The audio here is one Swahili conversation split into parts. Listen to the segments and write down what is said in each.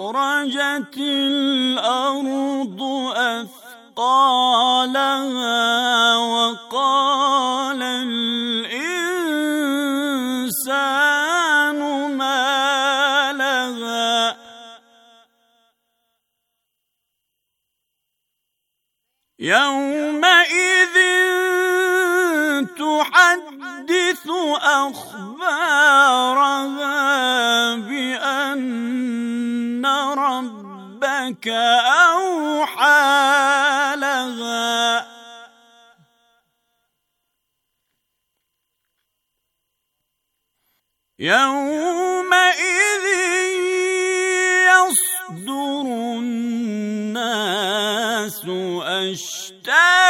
أخرجت الأرض أثقالها وقال الإنسان ما لها يومئذ تحدث أخبارها بأن ربك أوحى لها يومئذ يصدر الناس أشتاتا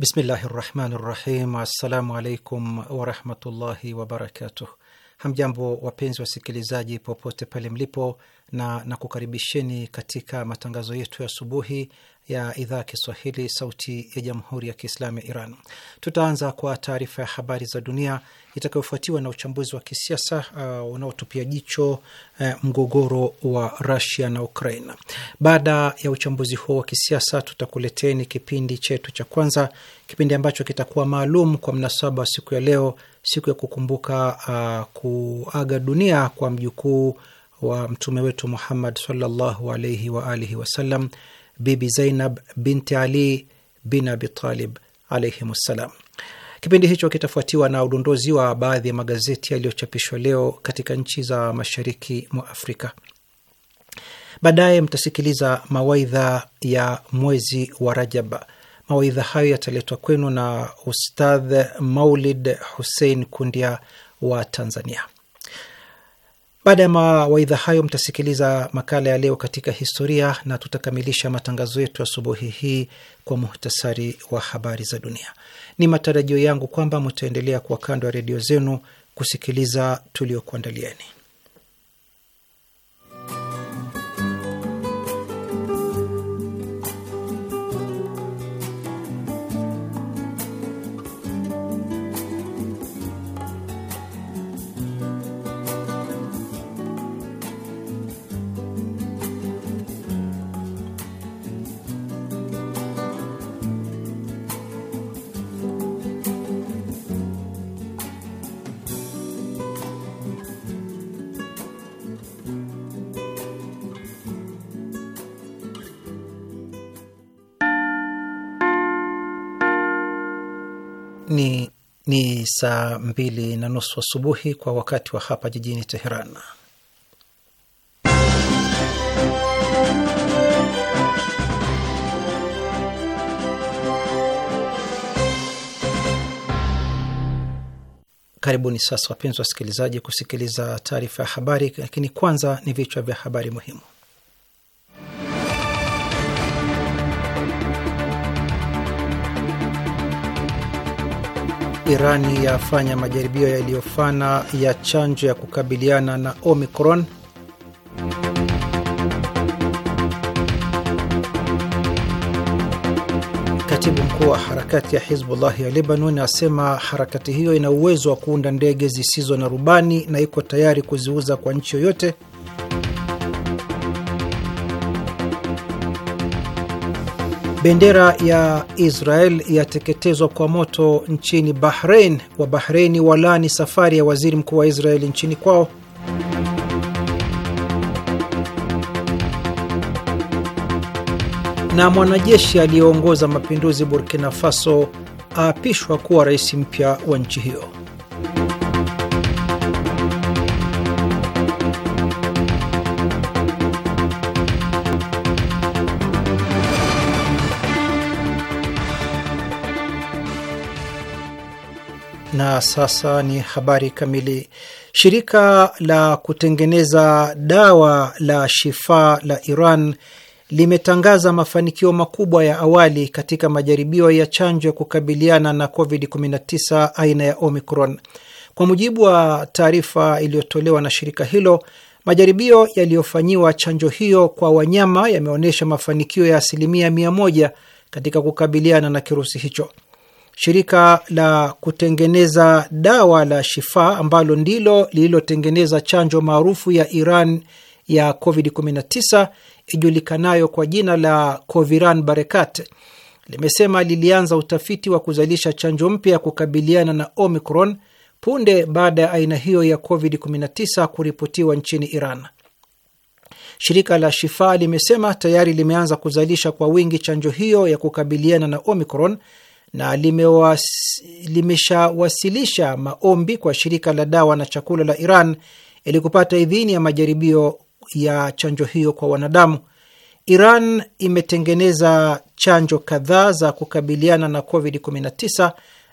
Bismillahi rahmani rahim. Assalamu alaikum warahmatullahi wabarakatuh. Hamjambo wapenzi wasikilizaji, popote pale mlipo, na nakukaribisheni katika matangazo yetu ya asubuhi ya idhaa Kiswahili, sauti ya jamhuri ya kiislamu ya Iran. Tutaanza kwa taarifa ya habari za dunia itakayofuatiwa na uchambuzi wa kisiasa uh, unaotupia jicho uh, mgogoro wa Rusia na Ukraina. Baada ya uchambuzi huo wa kisiasa, tutakuleteni kipindi chetu cha kwanza, kipindi ambacho kitakuwa maalum kwa mnasaba wa siku ya leo, siku ya kukumbuka uh, kuaga dunia kwa mjukuu wa mtume wetu Muhammad sallallahu alaihi waalihi wasallam Bibi Zainab binti Ali bin Abitalib alaihim ssalam. Kipindi hicho kitafuatiwa na udondozi wa baadhi ya magazeti yaliyochapishwa leo katika nchi za mashariki mwa Afrika. Baadaye mtasikiliza mawaidha ya mwezi wa Rajab. Mawaidha hayo yataletwa kwenu na Ustadh Maulid Hussein Kundia wa Tanzania. Baada ya mawaidha hayo, mtasikiliza makala ya leo katika historia, na tutakamilisha matangazo yetu asubuhi hii kwa muhtasari wa habari za dunia. Ni matarajio yangu kwamba mtaendelea kuwa kando ya redio zenu kusikiliza tuliokuandalieni. Ni saa mbili na nusu asubuhi wa kwa wakati wa hapa jijini Teheran. Karibuni sasa, wapenzi wasikilizaji, kusikiliza taarifa ya habari, lakini kwanza ni vichwa vya habari muhimu. Irani yafanya majaribio yaliyofana ya chanjo ya kukabiliana na Omicron. Katibu mkuu wa harakati ya Hizbullah ya Lebanon asema harakati hiyo ina uwezo wa kuunda ndege zisizo na rubani na iko tayari kuziuza kwa nchi yoyote. Bendera ya Israel yateketezwa kwa moto nchini Bahrein. Wa Bahreini walani safari ya waziri mkuu wa Israeli nchini kwao. Na mwanajeshi aliyeongoza mapinduzi Burkina Faso aapishwa kuwa rais mpya wa nchi hiyo. Na sasa ni habari kamili. Shirika la kutengeneza dawa la Shifa la Iran limetangaza mafanikio makubwa ya awali katika majaribio ya chanjo ya kukabiliana na COVID-19 aina ya Omicron. Kwa mujibu wa taarifa iliyotolewa na shirika hilo, majaribio yaliyofanyiwa chanjo hiyo kwa wanyama yameonyesha mafanikio ya asilimia mia moja katika kukabiliana na kirusi hicho. Shirika la kutengeneza dawa la Shifa ambalo ndilo lililotengeneza chanjo maarufu ya Iran ya COVID-19 ijulikanayo kwa jina la Coviran Barekat limesema lilianza utafiti wa kuzalisha chanjo mpya ya kukabiliana na Omicron punde baada ya aina hiyo ya COVID-19 kuripotiwa nchini Iran. Shirika la Shifa limesema tayari limeanza kuzalisha kwa wingi chanjo hiyo ya kukabiliana na Omicron na limeshawasilisha maombi kwa shirika la dawa na chakula la Iran ili kupata idhini ya majaribio ya chanjo hiyo kwa wanadamu. Iran imetengeneza chanjo kadhaa za kukabiliana na COVID-19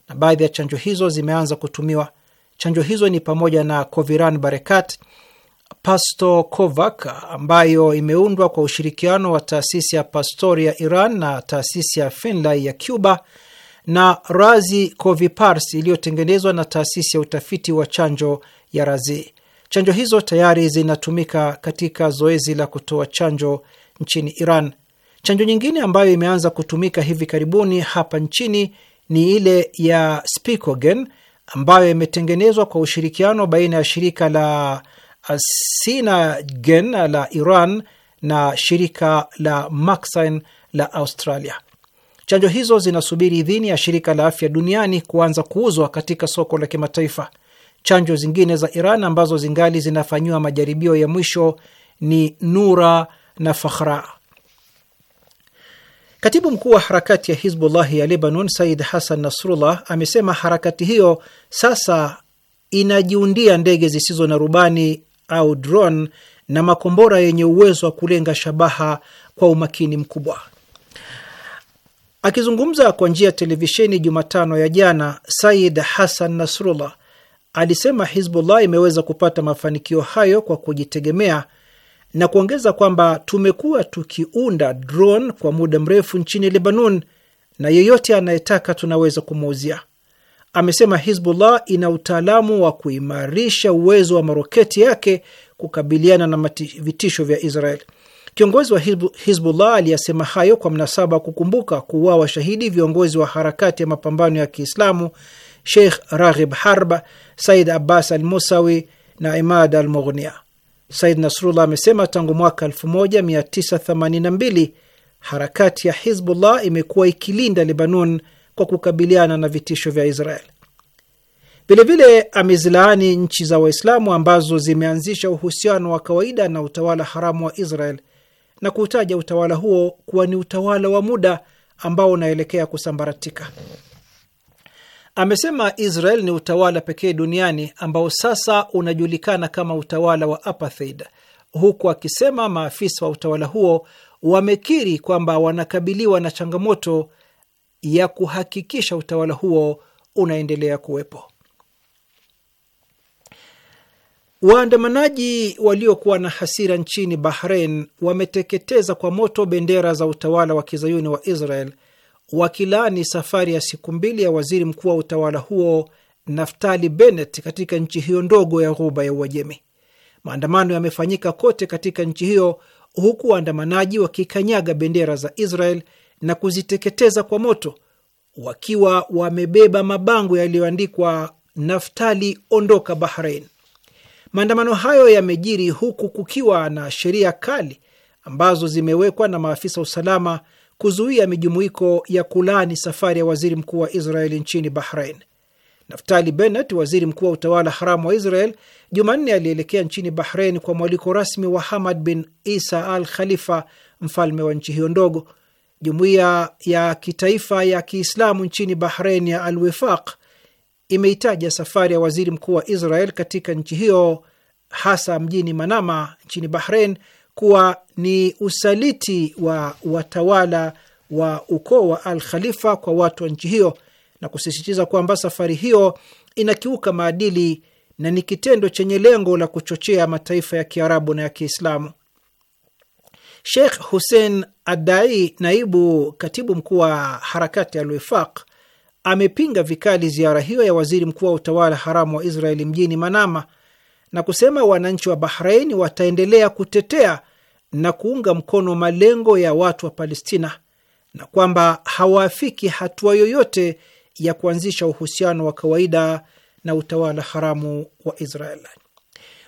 na baadhi ya chanjo hizo zimeanza kutumiwa. Chanjo hizo ni pamoja na Coviran Barekat, Pastokovac ambayo imeundwa kwa ushirikiano wa taasisi ya Pastori ya Iran na taasisi ya Finlay ya Cuba na Razi Covipars iliyotengenezwa na taasisi ya utafiti wa chanjo ya Razi. Chanjo hizo tayari zinatumika katika zoezi la kutoa chanjo nchini Iran. Chanjo nyingine ambayo imeanza kutumika hivi karibuni hapa nchini ni ile ya Spikogen ambayo imetengenezwa kwa ushirikiano baina ya shirika la Sinagen la Iran na shirika la maxin la Australia. Chanjo hizo zinasubiri idhini ya shirika la afya duniani kuanza kuuzwa katika soko la kimataifa. Chanjo zingine za Iran ambazo zingali zinafanyiwa majaribio ya mwisho ni Nura na Fakhra. Katibu mkuu wa harakati ya Hizbullahi ya Lebanon, Said Hassan Nasrullah, amesema harakati hiyo sasa inajiundia ndege zisizo na rubani au drone na makombora yenye uwezo wa kulenga shabaha kwa umakini mkubwa. Akizungumza kwa njia ya televisheni Jumatano ya jana, Said Hassan Nasrullah alisema Hizbullah imeweza kupata mafanikio hayo kwa kujitegemea na kuongeza kwamba tumekuwa tukiunda drone kwa muda mrefu nchini Lebanon na yeyote anayetaka tunaweza kumuuzia. Amesema Hizbullah ina utaalamu wa kuimarisha uwezo wa maroketi yake kukabiliana na vitisho vya Israeli. Kiongozi wa Hizbullah aliyasema hayo kwa mnasaba kukumbuka kuwa washahidi viongozi wa harakati ya mapambano ya Kiislamu Sheikh Raghib harb Said Abbas al Musawi na Imad al Mughnia. Said Nasrullah amesema tangu mwaka 1982 harakati ya Hizbullah imekuwa ikilinda Lebanon kwa kukabiliana na vitisho vya Israel. Vilevile amezilaani nchi za Waislamu ambazo zimeanzisha uhusiano wa kawaida na utawala haramu wa Israel na kuutaja utawala huo kuwa ni utawala wa muda ambao unaelekea kusambaratika. Amesema Israel ni utawala pekee duniani ambao sasa unajulikana kama utawala wa apartheid, huku akisema maafisa wa utawala huo wamekiri kwamba wanakabiliwa na changamoto ya kuhakikisha utawala huo unaendelea kuwepo. Waandamanaji waliokuwa na hasira nchini Bahrain wameteketeza kwa moto bendera za utawala wa kizayuni wa Israel wakilaani safari ya siku mbili ya waziri mkuu wa utawala huo Naftali Bennett katika nchi hiyo ndogo ya Ghuba ya Uajemi. Maandamano yamefanyika kote katika nchi hiyo huku waandamanaji wakikanyaga bendera za Israel na kuziteketeza kwa moto wakiwa wamebeba mabango yaliyoandikwa Naftali, ondoka Bahrain. Maandamano hayo yamejiri huku kukiwa na sheria kali ambazo zimewekwa na maafisa usalama kuzuia mijumuiko ya kulaani safari ya waziri mkuu wa Israel nchini Bahrain. Naftali Bennett, waziri mkuu wa utawala haramu wa Israel, Jumanne alielekea nchini Bahrain kwa mwaliko rasmi wa Hamad bin Isa al Khalifa, mfalme wa nchi hiyo ndogo. Jumuiya ya kitaifa ya Kiislamu nchini Bahrain ya Al Wifaq imeitaja safari ya waziri mkuu wa Israel katika nchi hiyo hasa mjini Manama nchini Bahrain kuwa ni usaliti wa watawala wa ukoo wa Al Khalifa kwa watu wa nchi hiyo na kusisitiza kwamba safari hiyo inakiuka maadili na ni kitendo chenye lengo la kuchochea mataifa ya Kiarabu na ya Kiislamu. Sheikh Hussein Adai, naibu katibu mkuu wa harakati Al Wifaq, amepinga vikali ziara hiyo ya waziri mkuu wa utawala haramu wa Israeli mjini Manama na kusema wananchi wa Bahrain wataendelea kutetea na kuunga mkono malengo ya watu wa Palestina na kwamba hawaafiki hatua yoyote ya kuanzisha uhusiano wa kawaida na utawala haramu wa Israel.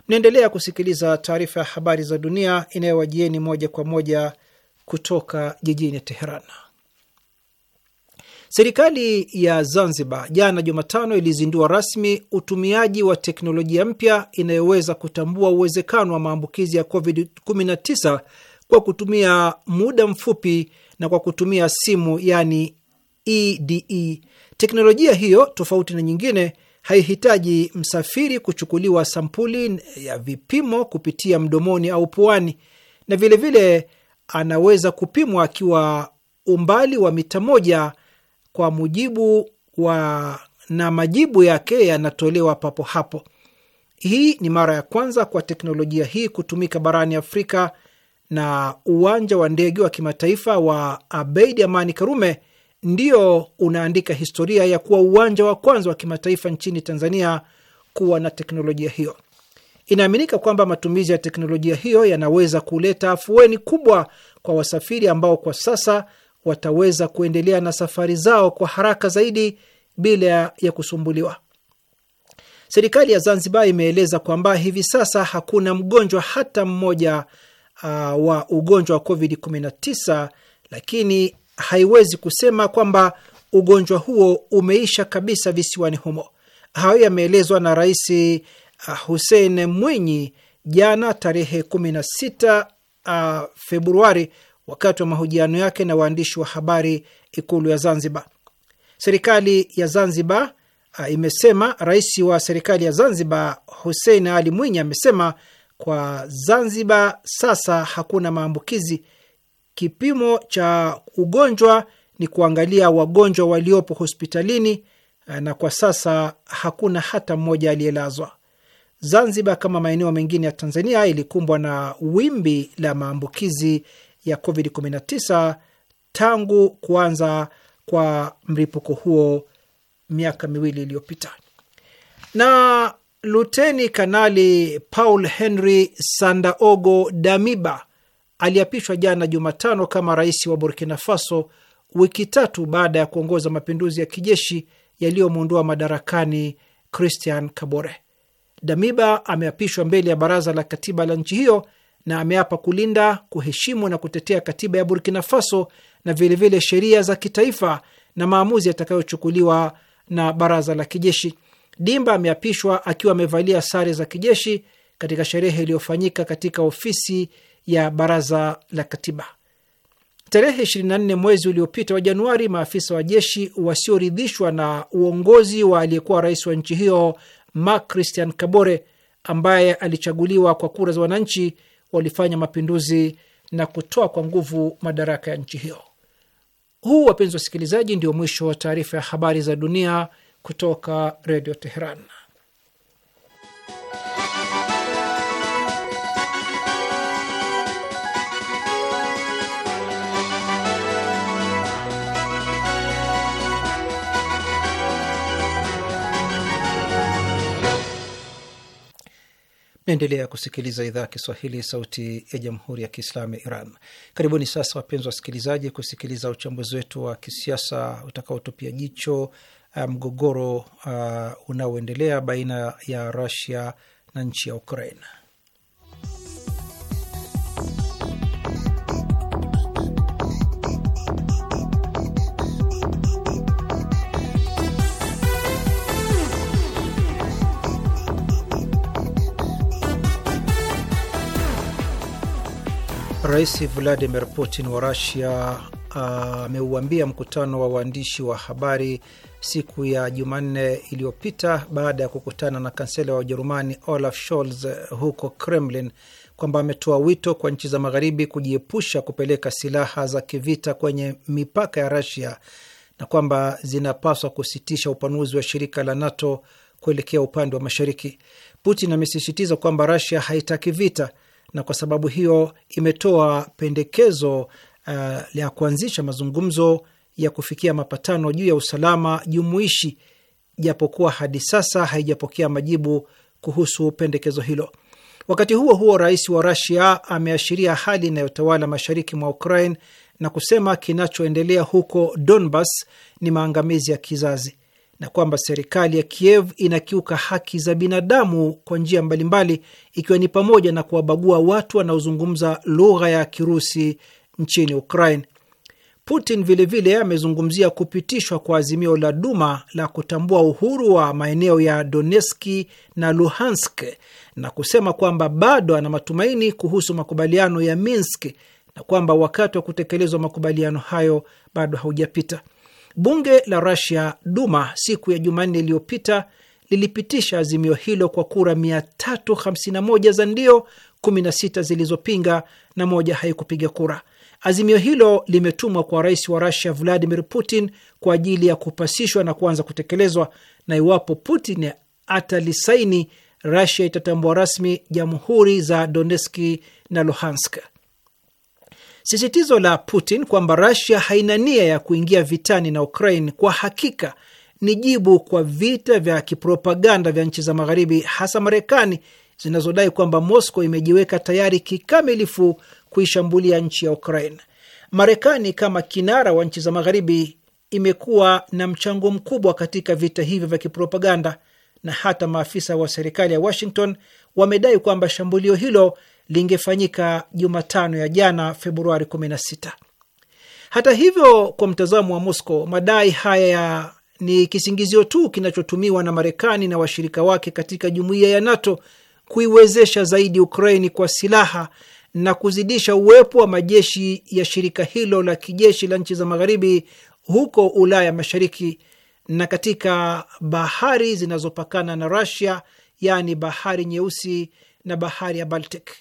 Mnaendelea kusikiliza taarifa ya habari za dunia inayowajieni moja kwa moja kutoka jijini Teheran. Serikali ya Zanzibar jana Jumatano ilizindua rasmi utumiaji wa teknolojia mpya inayoweza kutambua uwezekano wa maambukizi ya COVID-19 kwa kutumia muda mfupi na kwa kutumia simu, yani EDE. E. Teknolojia hiyo tofauti na nyingine haihitaji msafiri kuchukuliwa sampuli ya vipimo kupitia mdomoni au puani, na vilevile vile anaweza kupimwa akiwa umbali wa mita moja kwa mujibu wa na majibu yake yanatolewa papo hapo. Hii ni mara ya kwanza kwa teknolojia hii kutumika barani Afrika, na uwanja wa ndege wa kimataifa wa Abeid Amani Karume ndio unaandika historia ya kuwa uwanja wa kwanza wa kimataifa nchini Tanzania kuwa na teknolojia hiyo. Inaaminika kwamba matumizi ya teknolojia hiyo yanaweza kuleta afueni kubwa kwa wasafiri ambao kwa sasa wataweza kuendelea na safari zao kwa haraka zaidi bila ya kusumbuliwa. Serikali ya Zanzibar imeeleza kwamba hivi sasa hakuna mgonjwa hata mmoja uh, wa ugonjwa wa COVID-19, lakini haiwezi kusema kwamba ugonjwa huo umeisha kabisa visiwani humo. Hayo yameelezwa na Rais uh, Hussein Mwinyi jana tarehe 16 uh, Februari wakati wa mahojiano yake na waandishi wa habari ikulu ya Zanzibar. Serikali ya Zanzibar uh, imesema rais wa serikali ya Zanzibar Hussein Ali Mwinyi amesema kwa Zanzibar sasa hakuna maambukizi. Kipimo cha ugonjwa ni kuangalia wagonjwa waliopo hospitalini ah, na kwa sasa hakuna hata mmoja aliyelazwa. Zanzibar kama maeneo mengine ya Tanzania ilikumbwa na wimbi la maambukizi ya COVID-19 tangu kuanza kwa mlipuko huo miaka miwili iliyopita. Na Luteni Kanali Paul Henry Sandaogo Damiba aliapishwa jana Jumatano kama rais wa Burkina Faso, wiki tatu baada ya kuongoza mapinduzi ya kijeshi yaliyomwondoa madarakani Christian Kabore. Damiba ameapishwa mbele ya baraza la katiba la nchi hiyo na ameapa kulinda, kuheshimu na kutetea katiba ya Burkina Faso na vilevile sheria za kitaifa na maamuzi yatakayochukuliwa na baraza la kijeshi. Dimba ameapishwa akiwa amevalia sare za kijeshi katika sherehe iliyofanyika katika ofisi ya baraza la katiba. Tarehe 24 mwezi uliopita wa Januari, maafisa wa jeshi wasioridhishwa na uongozi wa aliyekuwa rais wa nchi hiyo Marc Christian Kabore ambaye alichaguliwa kwa kura za wananchi walifanya mapinduzi na kutoa kwa nguvu madaraka ya nchi hiyo. Huu, wapenzi wasikilizaji, ndio mwisho wa taarifa ya habari za dunia kutoka Redio Teheran. Naendelea kusikiliza idhaa ya Kiswahili, sauti ya jamhuri ya kiislamu ya Iran. Karibuni sasa, wapenzi wasikilizaji, kusikiliza uchambuzi wetu wa kisiasa utakaotupia jicho uh, mgogoro um, uh, unaoendelea baina ya Rusia na nchi ya Ukraina. Rais Vladimir Putin wa Rusia uh, ameuambia uh, mkutano wa waandishi wa habari siku ya Jumanne iliyopita baada ya kukutana na kansela wa Ujerumani Olaf Scholz huko Kremlin kwamba ametoa wito kwa nchi za magharibi kujiepusha kupeleka silaha za kivita kwenye mipaka ya Rusia na kwamba zinapaswa kusitisha upanuzi wa shirika la NATO kuelekea upande wa mashariki. Putin amesisitiza kwamba Rusia haitaki vita na kwa sababu hiyo imetoa pendekezo uh, la kuanzisha mazungumzo ya kufikia mapatano juu ya usalama jumuishi, japokuwa hadi sasa haijapokea majibu kuhusu pendekezo hilo. Wakati huo huo, rais wa rasia ameashiria hali inayotawala mashariki mwa Ukraine na kusema kinachoendelea huko Donbas ni maangamizi ya kizazi na kwamba serikali ya Kiev inakiuka haki za binadamu kwa njia mbalimbali, ikiwa ni pamoja na kuwabagua watu wanaozungumza lugha ya Kirusi nchini Ukraine. Putin vilevile amezungumzia kupitishwa kwa azimio la Duma la kutambua uhuru wa maeneo ya Donetski na Luhansk na kusema kwamba bado ana matumaini kuhusu makubaliano ya Minsk na kwamba wakati wa kutekelezwa makubaliano hayo bado haujapita. Bunge la Rusia Duma, siku ya Jumanne iliyopita lilipitisha azimio hilo kwa kura 351 za ndio, 16 zilizopinga na moja haikupiga kura. Azimio hilo limetumwa kwa rais wa Rusia Vladimir Putin kwa ajili ya kupasishwa na kuanza kutekelezwa, na iwapo Putin atalisaini, rasia itatambua rasmi jamhuri za donetski na Luhansk. Sisitizo la Putin kwamba Russia haina nia ya kuingia vitani na Ukraine kwa hakika ni jibu kwa vita vya kipropaganda vya nchi za Magharibi, hasa Marekani, zinazodai kwamba Moscow imejiweka tayari kikamilifu kuishambulia nchi ya Ukraine. Marekani kama kinara wa nchi za Magharibi imekuwa na mchango mkubwa katika vita hivyo vya kipropaganda, na hata maafisa wa serikali ya Washington wamedai kwamba shambulio hilo lingefanyika Jumatano ya jana Februari 16. Hata hivyo, kwa mtazamo wa Moscow, madai haya ni kisingizio tu kinachotumiwa na Marekani na washirika wake katika jumuiya ya NATO kuiwezesha zaidi Ukraini kwa silaha na kuzidisha uwepo wa majeshi ya shirika hilo la kijeshi la nchi za magharibi huko Ulaya Mashariki na katika bahari zinazopakana na rasia yaani Bahari Nyeusi na Bahari ya Baltic.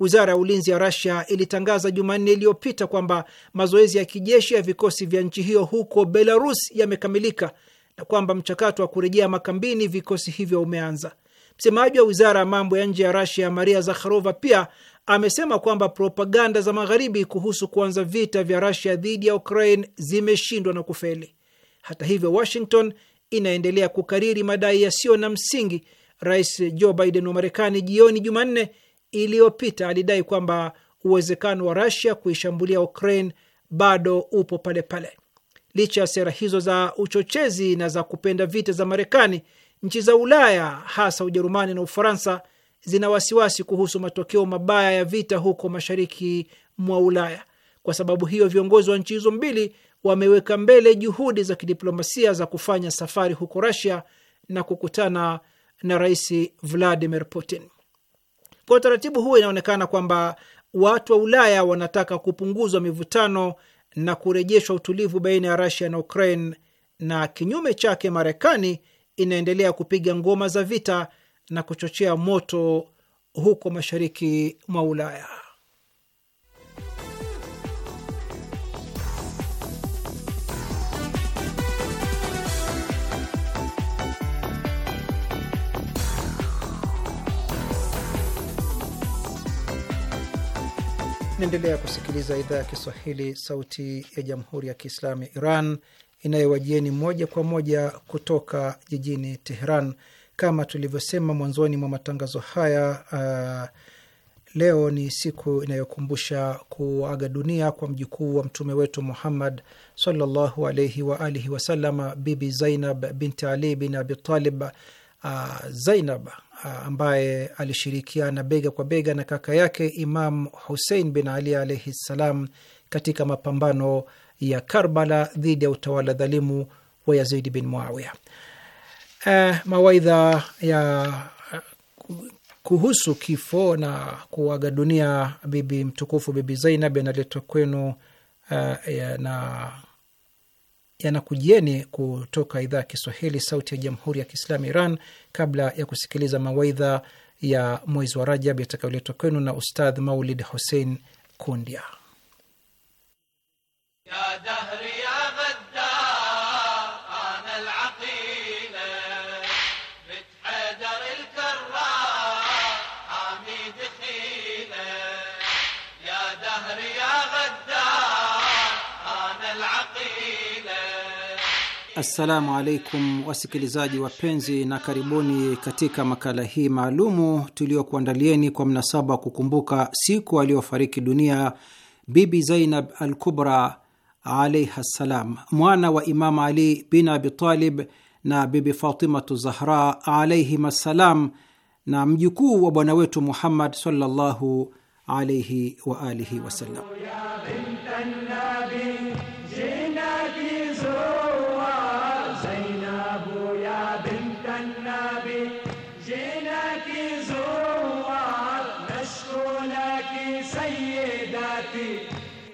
Wizara ya ulinzi ya Rasia ilitangaza Jumanne iliyopita kwamba mazoezi ya kijeshi ya vikosi vya nchi hiyo huko Belarus yamekamilika na kwamba mchakato wa kurejea makambini vikosi hivyo umeanza. Msemaji wa wizara ya mambo ya nje ya Rasia Maria Zakharova pia amesema kwamba propaganda za Magharibi kuhusu kuanza vita vya Rasia dhidi ya Ukraine zimeshindwa na kufeli. Hata hivyo, Washington inaendelea kukariri madai yasiyo na msingi Rais Joe Biden wa Marekani jioni Jumanne iliyopita alidai kwamba uwezekano wa rasia kuishambulia Ukraine bado upo pale pale. Licha ya sera hizo za uchochezi na za kupenda vita za Marekani, nchi za Ulaya hasa Ujerumani na Ufaransa zina wasiwasi kuhusu matokeo mabaya ya vita huko mashariki mwa Ulaya. Kwa sababu hiyo, viongozi wa nchi hizo mbili wameweka mbele juhudi za kidiplomasia za kufanya safari huko rasia na kukutana na Rais Vladimir Putin. Kwa utaratibu huo, inaonekana kwamba watu wa Ulaya wanataka kupunguzwa mivutano na kurejeshwa utulivu baina ya rasia na Ukraine, na kinyume chake, Marekani inaendelea kupiga ngoma za vita na kuchochea moto huko mashariki mwa Ulaya. Naendelea kusikiliza idhaa ya Kiswahili, sauti ya jamhuri ya kiislamu ya Iran inayowajieni moja kwa moja kutoka jijini Teheran. Kama tulivyosema mwanzoni mwa matangazo haya, uh, leo ni siku inayokumbusha kuaga dunia kwa mjukuu wa mtume wetu Muhammad sallallahu alaihi wa alihi wasalama, Bibi Zainab binti Ali bin abitalib Uh, Zainab ambaye alishirikiana bega kwa bega na kaka yake Imam Husein bin Ali alaihi ssalam katika mapambano ya Karbala dhidi ya utawala dhalimu wa Yazidi bin muawia Eh, mawaidha ya kuhusu kifo na kuaga dunia bibi mtukufu Bibi Zainab analetwa kwenu uh, na yanakujieni kutoka idhaa ya Kiswahili, Sauti ya Jamhuri ya Kiislamu Iran. Kabla ya kusikiliza mawaidha ya mwezi wa Rajab yatakayoletwa kwenu na Ustadh Maulid Hussein Kundia ya Assalamu alaikum wasikilizaji wapenzi, na karibuni katika makala hii maalumu tuliyokuandalieni kwa mnasaba wa kukumbuka siku aliyofariki dunia Bibi Zainab al Kubra alaiha ssalam, mwana wa Imamu Ali bin Abitalib na Bibi Fatimatu Zahra alaihim assalam, na mjukuu wa bwana wetu Muhammad sallallahu alaihi waalihi wasallam.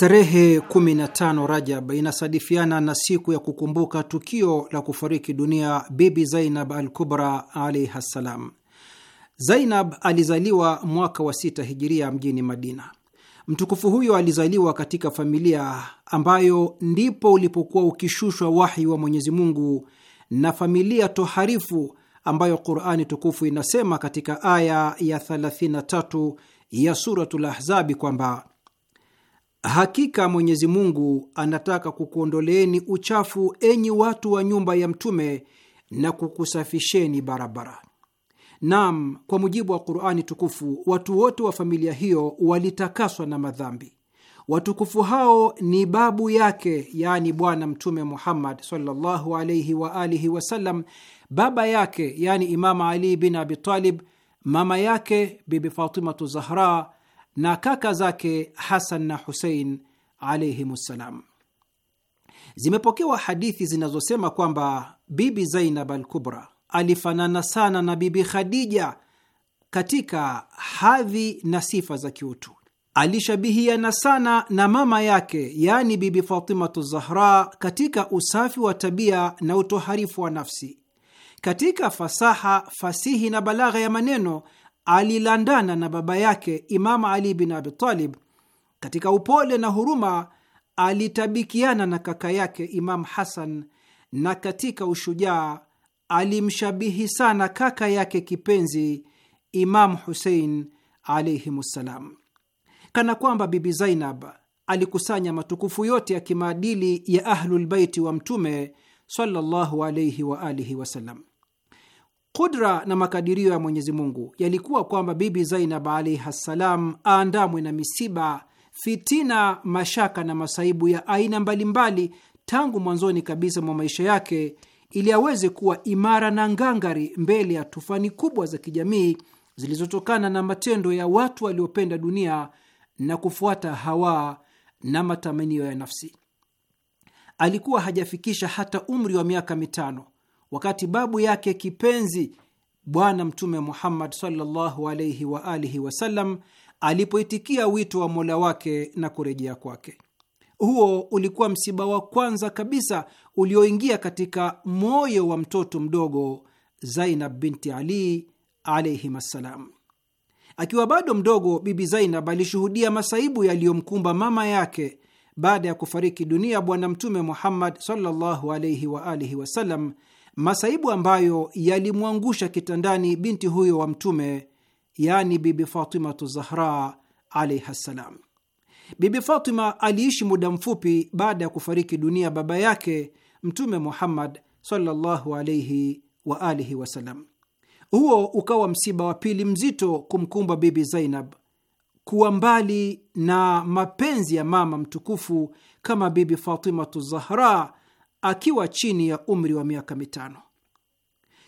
Tarehe 15 Rajab inasadifiana na siku ya kukumbuka tukio la kufariki dunia Bibi Zainab al Kubra alaihi ssalam. Zainab alizaliwa mwaka wa sita hijiria mjini Madina. Mtukufu huyo alizaliwa katika familia ambayo ndipo ulipokuwa ukishushwa wahi wa Mwenyezi Mungu na familia toharifu ambayo Qurani tukufu inasema katika aya ya 33 ya Suratul Ahzabi kwamba Hakika Mwenyezi Mungu anataka kukuondoleeni uchafu, enyi watu wa nyumba ya Mtume, na kukusafisheni barabara. Naam, kwa mujibu wa qurani Tukufu, watu wote wa familia hiyo walitakaswa na madhambi. Watukufu hao ni babu yake, yaani Bwana Mtume Muhammad sallallahu alaihi wa alihi wasallam, baba yake, yaani Imama Ali bin Abi Talib, mama yake Bibi Fatimatu Zahra, na kaka zake Hasan na Husein alaihimussalam. Zimepokewa hadithi zinazosema kwamba Bibi Zainab al Kubra alifanana sana na Bibi Khadija katika hadhi na sifa za kiutu. Alishabihiana sana na mama yake, yaani Bibi Fatimatu Zahra, katika usafi wa tabia na utoharifu wa nafsi, katika fasaha, fasihi na balagha ya maneno alilandana na baba yake Imamu Ali bin Abi Talib. Katika upole na huruma alitabikiana na kaka yake Imamu Hasan, na katika ushujaa alimshabihi sana kaka yake kipenzi Imamu Husein alaihimussalam, kana kwamba Bibi Zainab alikusanya matukufu yote ya kimaadili ya Ahlulbaiti wa Mtume sallallahu alaihi waalihi wasallam. Kudra na makadirio ya Mwenyezi Mungu yalikuwa kwamba Bibi Zainab alaihi ssalam aandamwe na misiba, fitina, mashaka na masaibu ya aina mbalimbali tangu mwanzoni kabisa mwa maisha yake ili aweze kuwa imara na ngangari mbele ya tufani kubwa za kijamii zilizotokana na matendo ya watu waliopenda dunia na kufuata hawa na matamanio ya nafsi. Alikuwa hajafikisha hata umri wa miaka mitano wakati babu yake kipenzi Bwana Mtume Muhammad sallallahu alaihi wa alihi wasallam alipoitikia wito wa mola wake na kurejea kwake. Huo ulikuwa msiba wa kwanza kabisa ulioingia katika moyo wa mtoto mdogo Zainab binti Ali alaihim assalam. Akiwa bado mdogo, Bibi Zainab alishuhudia masaibu yaliyomkumba mama yake baada ya kufariki dunia Bwana Mtume Muhammad sallallahu alaihi wa alihi wasallam masaibu ambayo yalimwangusha kitandani binti huyo wa Mtume, yani Bibi Fatimatu Zahra alaihi ssalam. Bibi Fatima aliishi muda mfupi baada ya kufariki dunia baba yake Mtume Muhammad sallallahu alaihi wa alihi wasallam. Huo ukawa msiba wa pili mzito kumkumba Bibi Zainab. Kuwa mbali na mapenzi ya mama mtukufu kama Bibi Fatimatu Zahra akiwa chini ya umri wa miaka mitano.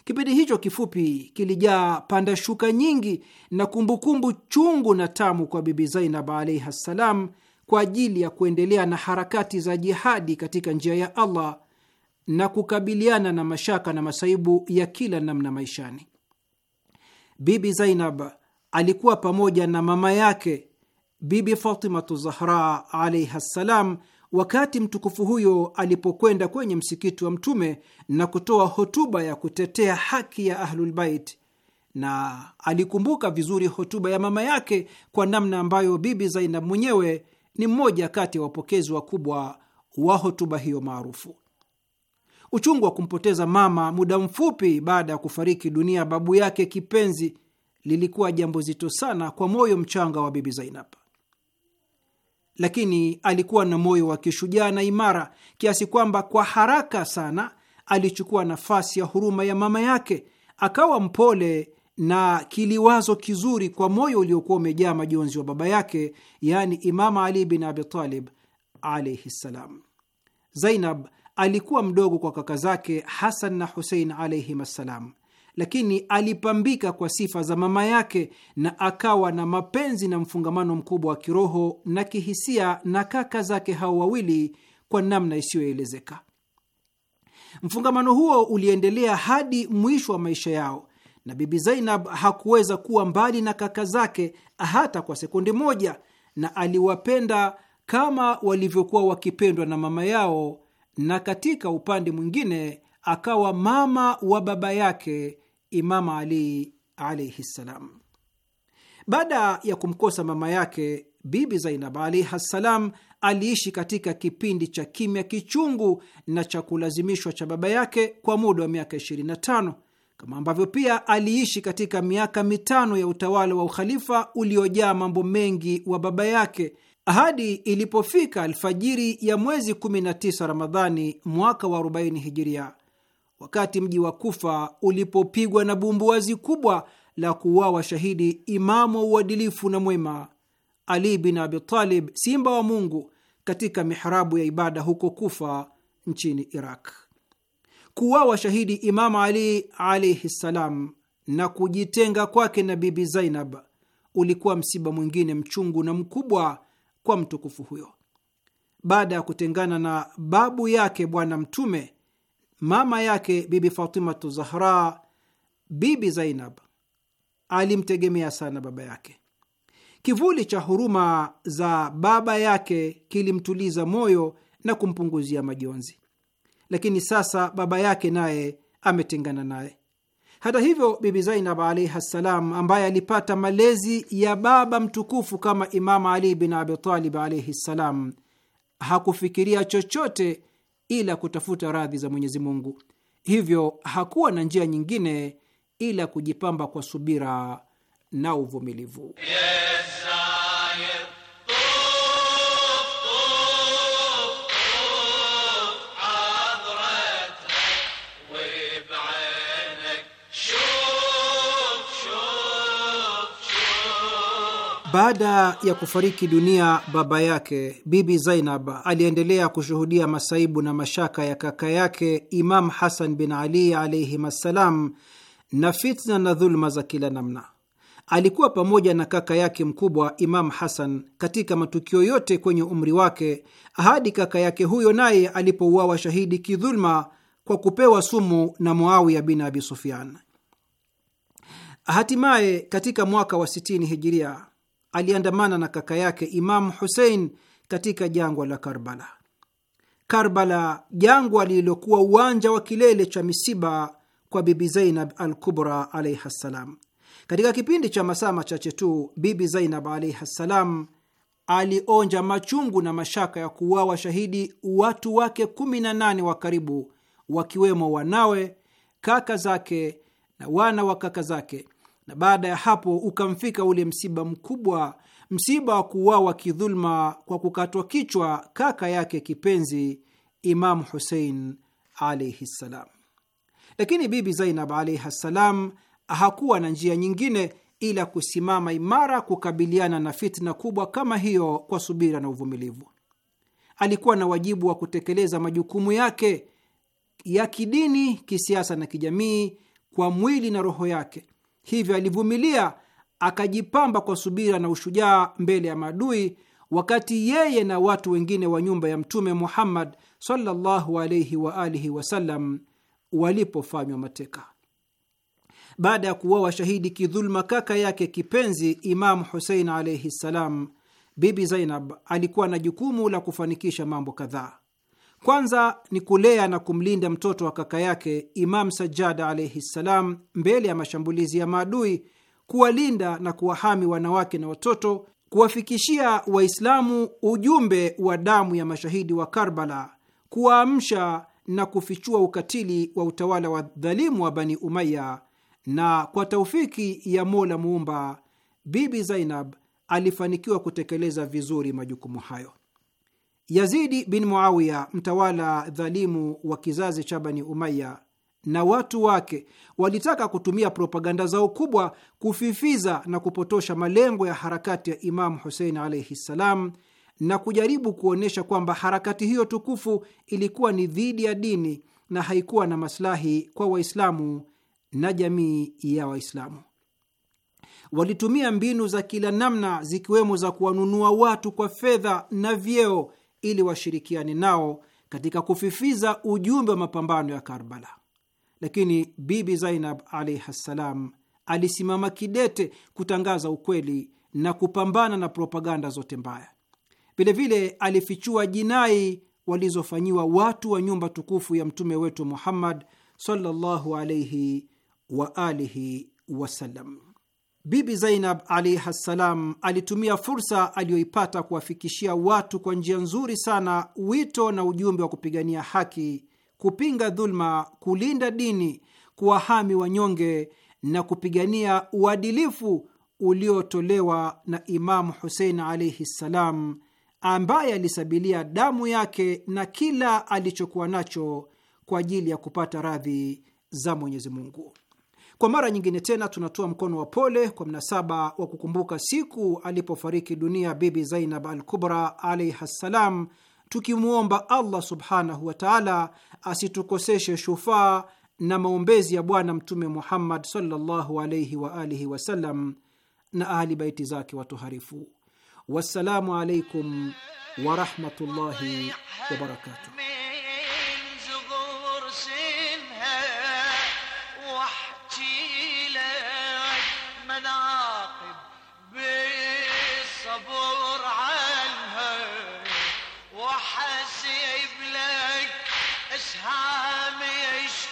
Kipindi hicho kifupi kilijaa panda shuka nyingi na kumbukumbu kumbu chungu na tamu kwa Bibi Zainab alaihi ssalam, kwa ajili ya kuendelea na harakati za jihadi katika njia ya Allah na kukabiliana na mashaka na masaibu ya kila namna maishani. Bibi Zainab alikuwa pamoja na mama yake Bibi Fatimatu Zahra alaihi ssalam Wakati mtukufu huyo alipokwenda kwenye msikiti wa Mtume na kutoa hotuba ya kutetea haki ya Ahlulbait, na alikumbuka vizuri hotuba ya mama yake kwa namna ambayo Bibi Zainab mwenyewe ni mmoja kati ya wapokezi wakubwa wa hotuba hiyo maarufu. Uchungu wa kumpoteza mama muda mfupi baada ya kufariki dunia babu yake kipenzi lilikuwa jambo zito sana kwa moyo mchanga wa Bibi Zainab lakini alikuwa na moyo wa kishujaa na imara kiasi kwamba kwa haraka sana alichukua nafasi ya huruma ya mama yake, akawa mpole na kiliwazo kizuri kwa moyo uliokuwa umejaa majonzi wa baba yake, yaani Imama Ali bin Abi Talib alaihi ssalam. Zainab alikuwa mdogo kwa kaka zake Hasan na Husein alaihim assalam lakini alipambika kwa sifa za mama yake na akawa na mapenzi na mfungamano mkubwa wa kiroho na kihisia na kaka zake hao wawili kwa namna isiyoelezeka. Mfungamano huo uliendelea hadi mwisho wa maisha yao, na Bibi Zainab hakuweza kuwa mbali na kaka zake hata kwa sekundi moja, na aliwapenda kama walivyokuwa wakipendwa na mama yao, na katika upande mwingine akawa mama wa baba yake Imama Ali alaihi ssalam. Baada ya kumkosa mama yake Bibi Zainab alaihi ssalam, aliishi katika kipindi cha kimya kichungu na cha kulazimishwa cha baba yake kwa muda wa miaka 25 kama ambavyo pia aliishi katika miaka mitano ya utawala wa ukhalifa uliojaa mambo mengi wa baba yake hadi ilipofika alfajiri ya mwezi 19 Ramadhani mwaka wa 40 Hijiria wakati mji wa Kufa ulipopigwa na bumbuazi kubwa la kuuawa shahidi imamu wa uadilifu na mwema Ali bin Abi Talib, simba wa Mungu, katika mihrabu ya ibada huko Kufa nchini Iraq. Kuuawa shahidi Imamu Ali alaihi ssalam na kujitenga kwake na Bibi Zainab ulikuwa msiba mwingine mchungu na mkubwa kwa mtukufu huyo. Baada ya kutengana na babu yake Bwana Mtume, mama yake Bibi Fatimatu Zahra, Bibi Zainab alimtegemea sana baba yake. Kivuli cha huruma za baba yake kilimtuliza moyo na kumpunguzia majonzi, lakini sasa baba yake naye ametengana naye. Hata hivyo, Bibi Zainab alaihi ssalam, ambaye alipata malezi ya baba mtukufu kama Imamu Ali bin Abitalib alaihi ssalam, hakufikiria chochote ila kutafuta radhi za Mwenyezi Mungu. Hivyo hakuwa na njia nyingine ila kujipamba kwa subira na uvumilivu. Yes, Baada ya kufariki dunia baba yake, Bibi Zainab aliendelea kushuhudia masaibu na mashaka ya kaka yake Imam Hasan bin Ali alaihim assalam, na fitna na dhuluma za kila namna. Alikuwa pamoja na kaka yake mkubwa Imam Hasan katika matukio yote kwenye umri wake, hadi kaka yake huyo naye alipouawa shahidi kidhuluma kwa kupewa sumu na Muawiya bin Abi Sufyan. Hatimaye katika mwaka wa 60 hijiria aliandamana na kaka yake Imamu Husein katika jangwa la Karbala. Karbala, jangwa lililokuwa uwanja wa kilele cha misiba kwa Bibi Zainab al Kubra alaihi ssalam. Katika kipindi cha masaa machache tu, Bibi Zainab alaihi ssalam alionja machungu na mashaka ya kuuawa shahidi watu wake kumi na nane wa karibu, wakiwemo wanawe, kaka zake na wana wa kaka zake na baada ya hapo ukamfika ule msiba mkubwa, msiba wa kuuawa kidhuluma kwa kukatwa kichwa kaka yake kipenzi Imamu Husein alaihi ssalam. Lakini Bibi Zainab alaihi ssalam hakuwa na njia nyingine ila kusimama imara kukabiliana na fitna kubwa kama hiyo kwa subira na uvumilivu. Alikuwa na wajibu wa kutekeleza majukumu yake ya kidini, kisiasa na kijamii kwa mwili na roho yake Hivyo alivumilia akajipamba kwa subira na ushujaa mbele ya maadui, wakati yeye na watu wengine wa nyumba ya Mtume Muhammad sallallahu alaihi wa alihi wasallam walipofanywa mateka. Baada ya kuwawa shahidi kidhuluma kaka yake kipenzi Imamu Husein alaihi ssalam, Bibi Zainab alikuwa na jukumu la kufanikisha mambo kadhaa. Kwanza ni kulea na kumlinda mtoto wa kaka yake Imam Sajjad alaihi ssalam mbele ya mashambulizi ya maadui, kuwalinda na kuwahami wanawake na watoto, kuwafikishia Waislamu ujumbe wa damu ya mashahidi wa Karbala, kuwaamsha na kufichua ukatili wa utawala wa dhalimu wa Bani Umaya. Na kwa taufiki ya Mola Muumba, Bibi Zainab alifanikiwa kutekeleza vizuri majukumu hayo. Yazidi bin Muawiya, mtawala dhalimu wa kizazi cha Bani Umaya na watu wake walitaka kutumia propaganda zao kubwa kufifiza na kupotosha malengo ya harakati ya Imamu Husein alaihi ssalam, na kujaribu kuonyesha kwamba harakati hiyo tukufu ilikuwa ni dhidi ya dini na haikuwa na maslahi kwa Waislamu na jamii ya Waislamu. Walitumia mbinu za kila namna, zikiwemo za kuwanunua watu kwa fedha na vyeo ili washirikiane nao katika kufifiza ujumbe wa mapambano ya Karbala. Lakini Bibi Zainab alaihi ssalam alisimama kidete kutangaza ukweli na kupambana na propaganda zote mbaya. Vilevile alifichua jinai walizofanyiwa watu wa nyumba tukufu ya mtume wetu Muhammad sallallahu alaihi wa alihi wasallam. Bibi Zainab alaihi ssalam alitumia fursa aliyoipata kuwafikishia watu kwa njia nzuri sana wito na ujumbe wa kupigania haki, kupinga dhuluma, kulinda dini, kuwahami wanyonge na kupigania uadilifu uliotolewa na Imamu Husein alaihi ssalam, ambaye alisabilia damu yake na kila alichokuwa nacho kwa ajili ya kupata radhi za Mwenyezi Mungu. Kwa mara nyingine tena tunatoa mkono wa pole kwa mnasaba wa kukumbuka siku alipofariki dunia Bibi Zainab al Kubra alaihi ssalam, tukimwomba Allah subhanahu wataala asitukoseshe shufaa na maombezi ya Bwana Mtume Muhammad sallallahu alaihi waalihi wasallam na ahli baiti zake watoharifu. Wassalamu alaikum warahmatullahi wabarakatuh. time is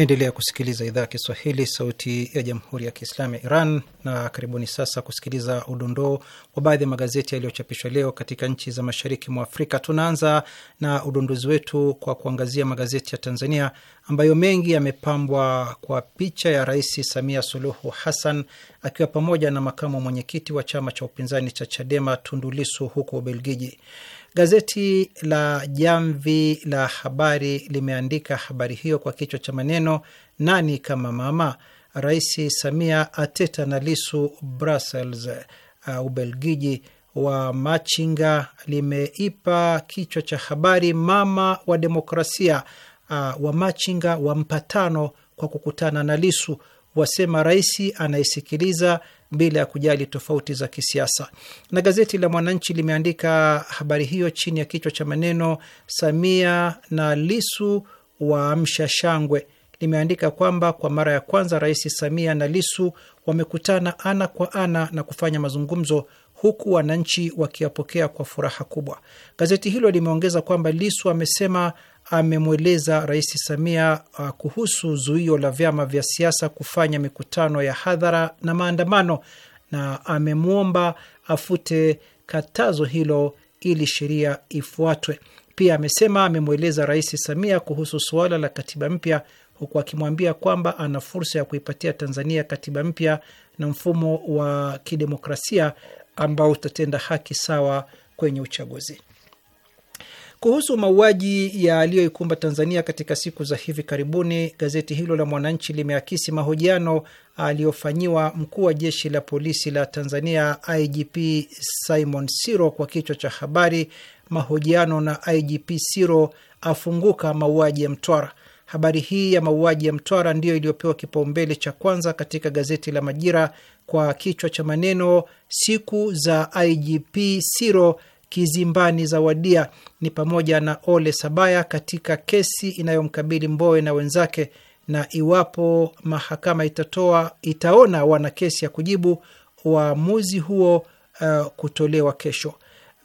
Naendelea kusikiliza idhaa ya Kiswahili, sauti ya jamhuri ya kiislamu ya Iran. Na karibuni sasa kusikiliza udondoo wa baadhi ya magazeti yaliyochapishwa leo katika nchi za mashariki mwa Afrika. Tunaanza na udondozi wetu kwa kuangazia magazeti ya Tanzania ambayo mengi yamepambwa kwa picha ya Rais Samia Suluhu Hassan akiwa pamoja na makamu mwenyekiti wa chama cha upinzani cha CHADEMA Tundulisu huko Ubelgiji. Gazeti la Jamvi la Habari limeandika habari hiyo kwa kichwa cha maneno, nani kama mama, Rais Samia ateta na Lisu Brussels. Uh, Ubelgiji wa machinga limeipa kichwa cha habari mama wa demokrasia. Uh, wa machinga wa mpatano kwa kukutana na Lisu, wasema rais anayesikiliza bila ya kujali tofauti za kisiasa. Na gazeti la Mwananchi limeandika habari hiyo chini ya kichwa cha maneno Samia na Lisu waamsha shangwe. Limeandika kwamba kwa mara ya kwanza Rais Samia na Lisu wamekutana ana kwa ana na kufanya mazungumzo huku wananchi wakiyapokea kwa furaha kubwa. Gazeti hilo limeongeza kwamba Lisu amesema amemweleza Rais Samia uh, kuhusu zuio la vyama vya siasa kufanya mikutano ya hadhara na maandamano, na amemwomba afute katazo hilo ili sheria ifuatwe. Pia amesema amemweleza Rais Samia kuhusu suala la katiba mpya, huku akimwambia kwamba ana fursa ya kuipatia Tanzania katiba mpya na mfumo wa kidemokrasia ambao utatenda haki sawa kwenye uchaguzi. Kuhusu mauaji yaliyoikumba Tanzania katika siku za hivi karibuni, gazeti hilo la Mwananchi limeakisi mahojiano aliyofanyiwa mkuu wa jeshi la polisi la Tanzania, IGP Simon Siro, kwa kichwa cha habari, mahojiano na IGP Siro afunguka mauaji ya Mtwara. Habari hii ya mauaji ya Mtwara ndiyo iliyopewa kipaumbele cha kwanza katika gazeti la Majira kwa kichwa cha maneno, siku za IGP Siro kizimbani za wadia ni pamoja na Ole Sabaya katika kesi inayomkabili Mbowe na wenzake, na iwapo mahakama itatoa itaona wana kesi ya kujibu, uamuzi huo uh, kutolewa kesho.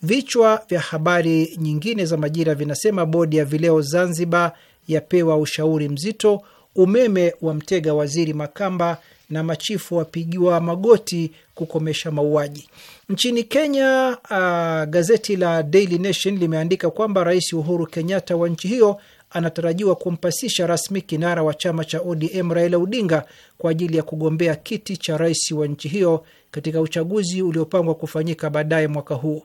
Vichwa vya habari nyingine za Majira vinasema bodi ya vileo Zanzibar yapewa ushauri mzito, umeme wa mtega waziri Makamba na machifu wapigiwa magoti kukomesha mauaji. Nchini Kenya, uh, gazeti la Daily Nation limeandika kwamba Rais Uhuru Kenyatta wa nchi hiyo anatarajiwa kumpasisha rasmi kinara wa chama cha ODM Raila Odinga kwa ajili ya kugombea kiti cha rais wa nchi hiyo katika uchaguzi uliopangwa kufanyika baadaye mwaka huu.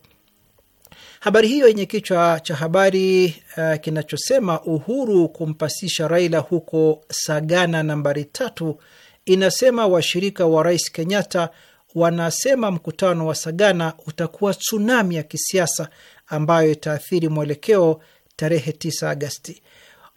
Habari hiyo yenye kichwa cha habari uh, kinachosema Uhuru kumpasisha Raila huko Sagana nambari tatu inasema washirika wa rais Kenyatta wanasema mkutano wa Sagana utakuwa tsunami ya kisiasa ambayo itaathiri mwelekeo tarehe 9 Agasti.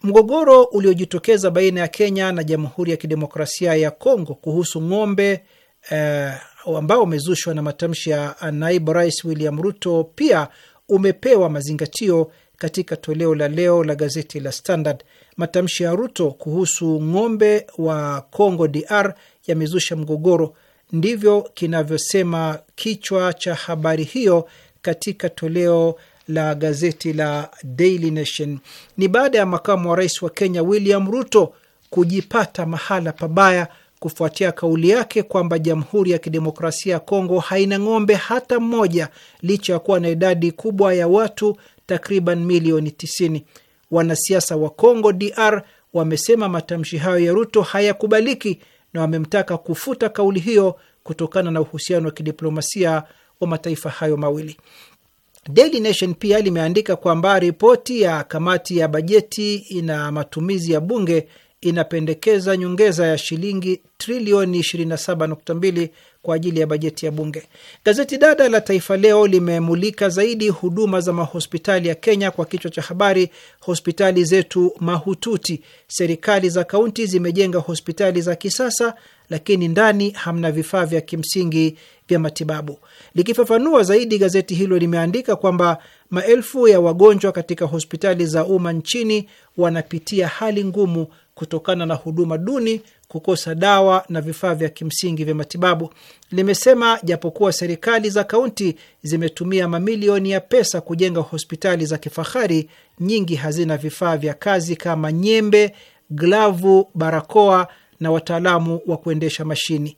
Mgogoro uliojitokeza baina ya Kenya na Jamhuri ya Kidemokrasia ya Kongo kuhusu ng'ombe eh, ambao umezushwa na matamshi ya naibu rais William Ruto pia umepewa mazingatio katika toleo la leo la gazeti la Standard. Matamshi ya Ruto kuhusu ng'ombe wa Congo DR yamezusha mgogoro, ndivyo kinavyosema kichwa cha habari hiyo katika toleo la gazeti la Daily Nation. Ni baada ya makamu wa rais wa Kenya William Ruto kujipata mahala pabaya kufuatia kauli yake kwamba Jamhuri ya Kidemokrasia ya Kongo haina ng'ombe hata mmoja licha ya kuwa na idadi kubwa ya watu takriban milioni 90. Wanasiasa wa congo DR wamesema matamshi hayo ya Ruto hayakubaliki na wamemtaka kufuta kauli hiyo kutokana na uhusiano wa kidiplomasia wa mataifa hayo mawili. Daily Nation pia limeandika kwamba ripoti ya kamati ya bajeti na matumizi ya bunge inapendekeza nyongeza ya shilingi trilioni 27.2 kwa ajili ya bajeti ya Bunge. Gazeti dada la Taifa Leo limemulika zaidi huduma za mahospitali ya Kenya kwa kichwa cha habari, hospitali zetu mahututi, serikali za kaunti zimejenga hospitali za kisasa lakini ndani hamna vifaa vya kimsingi vya matibabu. Likifafanua zaidi, gazeti hilo limeandika kwamba maelfu ya wagonjwa katika hospitali za umma nchini wanapitia hali ngumu kutokana na huduma duni, kukosa dawa na vifaa vya kimsingi vya matibabu. Limesema japokuwa serikali za kaunti zimetumia mamilioni ya pesa kujenga hospitali za kifahari, nyingi hazina vifaa vya kazi kama nyembe, glavu, barakoa na wataalamu wa kuendesha mashini.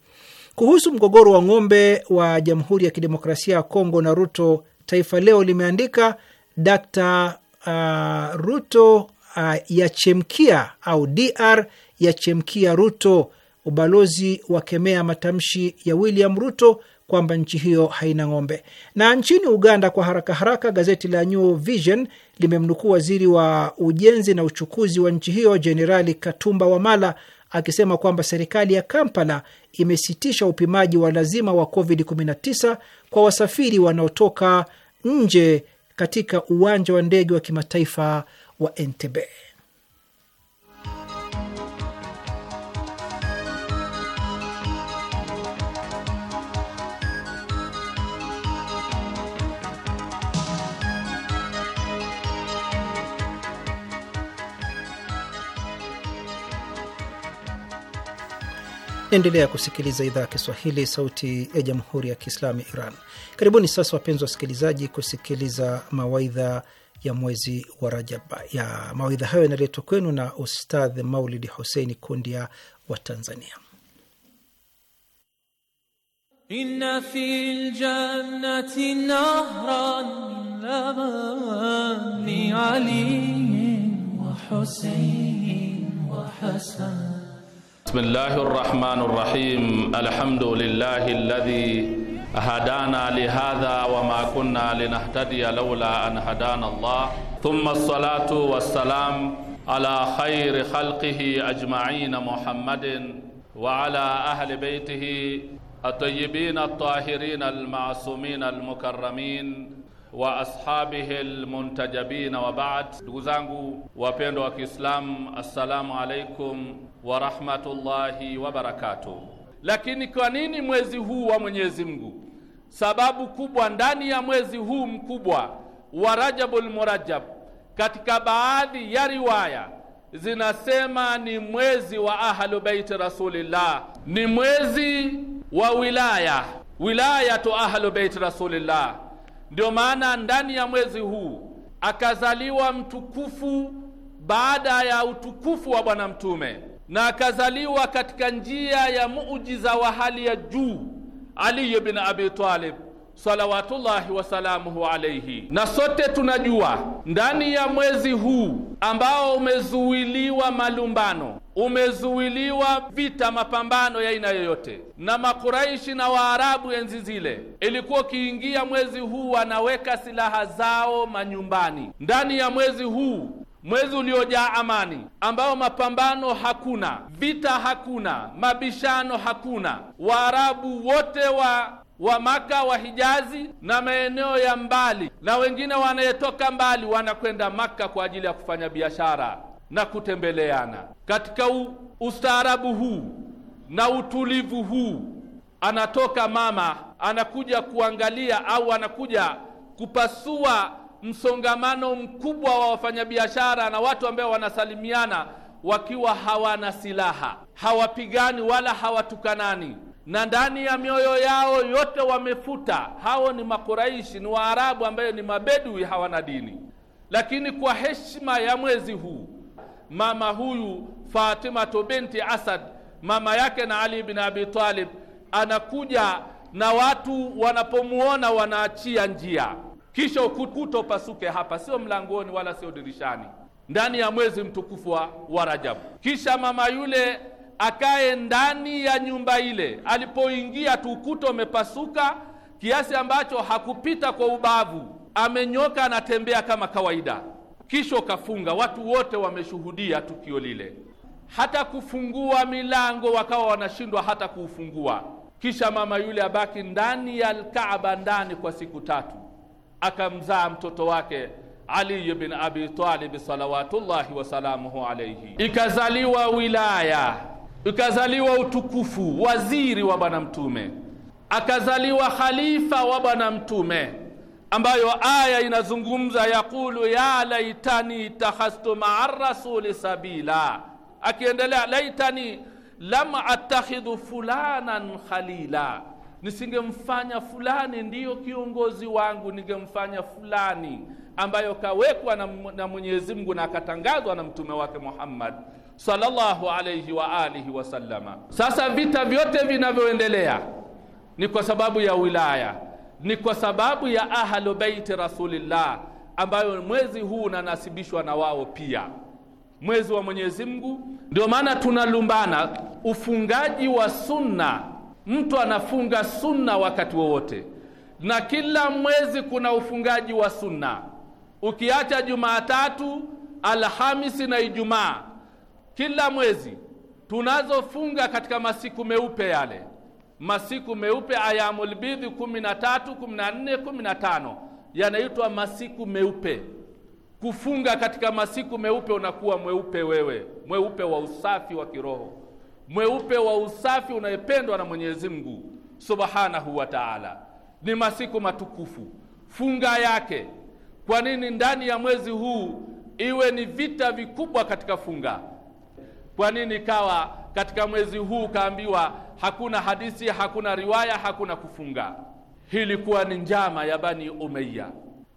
Kuhusu mgogoro wa ng'ombe wa Jamhuri ya Kidemokrasia ya Kongo na Ruto, Taifa Leo limeandika Dkt. uh, Ruto uh, yachemkia au DR yachemkia Ruto. Ubalozi wa kemea matamshi ya William Ruto kwamba nchi hiyo haina ng'ombe. Na nchini Uganda, kwa haraka haraka, gazeti la New Vision limemnukuu waziri wa ujenzi na uchukuzi wa nchi hiyo Jenerali Katumba Wamala akisema kwamba serikali ya Kampala imesitisha upimaji wa lazima wa COVID-19 kwa wasafiri wanaotoka nje katika uwanja wa ndege wa kimataifa wa Entebbe. Endelea kusikiliza idhaa ya Kiswahili, sauti ya jamhuri ya kiislamu ya Iran. Karibuni sasa, wapenzi wasikilizaji, kusikiliza mawaidha ya mwezi wa Rajab. Ya mawaidha hayo yanaletwa kwenu na Ustadh Maulidi Huseini Kundia wa Tanzania. Inna fil jannati nahran min lamani aliyin wa husain wa hasan. Bismillahir rahmanir rahim. Alhamdulillahi alladhi هدانا لهذا وما كنا لنهتدي لولا أن هدانا الله ثم الصلاة والسلام على خير خلقه أجمعين محمد وعلى أهل بيته الطيبين الطاهرين المعصومين المكرمين wa ashabihi almuntajabina wa baad. Ndugu zangu wapendwa wa Kiislamu, assalamu alaikum wa rahmatullahi wa barakatuh. Lakini kwa nini mwezi huu wa Mwenyezi Mungu sababu kubwa ndani ya mwezi huu mkubwa wa Rajabul Murajab, katika baadhi ya riwaya zinasema ni mwezi wa ahlu baiti Rasulillah, ni mwezi wa wilaya, wilayatu ahlu baiti Rasulillah. Ndio maana ndani ya mwezi huu akazaliwa mtukufu baada ya utukufu wa Bwana Mtume, na akazaliwa katika njia ya muujiza wa hali ya juu ali ibn Abi Talib salawatullahi wasalamuhu alaihi. Na sote tunajua ndani ya mwezi huu ambao umezuiliwa malumbano, umezuiliwa vita, mapambano ya aina yoyote, na Makuraishi na Waarabu enzi zile ilikuwa ukiingia mwezi huu wanaweka silaha zao manyumbani. Ndani ya mwezi huu mwezi uliojaa amani, ambao mapambano hakuna, vita hakuna, mabishano hakuna. Waarabu wote wa wa Maka wa Hijazi na maeneo ya mbali na wengine wanayetoka mbali wanakwenda Maka kwa ajili ya kufanya biashara na kutembeleana. Katika ustaarabu huu na utulivu huu, anatoka mama anakuja kuangalia au anakuja kupasua msongamano mkubwa wa wafanyabiashara na watu ambao wanasalimiana wakiwa hawana silaha, hawapigani wala hawatukanani, na ndani ya mioyo yao yote wamefuta. Hao ni Makuraishi, ni Waarabu ambayo ni mabedui, hawana dini. Lakini kwa heshima ya mwezi huu, mama huyu Fatimatu binti Asad, mama yake na Ali bin Abi Talib, anakuja na watu wanapomwona wanaachia njia kisha ukuta upasuke hapa, sio mlangoni wala sio dirishani, ndani ya mwezi mtukufu wa, wa Rajabu. Kisha mama yule akae ndani ya nyumba ile, alipoingia tu ukuta umepasuka kiasi ambacho hakupita kwa ubavu, amenyoka, anatembea kama kawaida. Kisha ukafunga, watu wote wameshuhudia tukio lile, hata kufungua milango wakawa wanashindwa hata kuufungua. Kisha mama yule abaki ndani ya Alkaaba ndani kwa siku tatu akamzaa mtoto wake Ali bin Abi Talib salawatullahi wasalamuhu alayhi, ikazaliwa wilaya, ikazaliwa utukufu, waziri wa Bwana Mtume, akazaliwa khalifa wa Bwana Mtume, ambayo aya inazungumza yaqulu ya laitani takhastu maa rasuli sabila, akiendelea laitani lam attakhidhu fulanan khalila nisingemfanya fulani ndiyo kiongozi wangu, ningemfanya fulani ambayo kawekwa na, Mwenyezi Mungu na akatangazwa na mtume wake Muhammad sallallahu alayhi wa alihi wasallama. Sasa vita vyote vinavyoendelea ni kwa sababu ya wilaya, ni kwa sababu ya ahlu baiti rasulillah, ambayo mwezi huu unanasibishwa na wao pia, mwezi wa Mwenyezi Mungu. Ndio maana tunalumbana ufungaji wa sunna mtu anafunga sunna wakati wowote na kila mwezi kuna ufungaji wa sunna, ukiacha Jumatatu, Alhamisi na Ijumaa. Kila mwezi tunazofunga katika masiku meupe yale, masiku meupe ayamul bidhi, kumi na tatu, kumi na nne, kumi na tano, yanaitwa masiku meupe. Kufunga katika masiku meupe, unakuwa mweupe wewe, mweupe wa usafi wa kiroho mweupe wa usafi unayependwa na Mwenyezi Mungu subhanahu wa taala. Ni masiku matukufu, funga yake. Kwa nini ndani ya mwezi huu iwe ni vita vikubwa katika funga? Kwa nini kawa katika mwezi huu kaambiwa hakuna hadithi, hakuna riwaya, hakuna kufunga? Hii ilikuwa ni njama ya Bani Umayya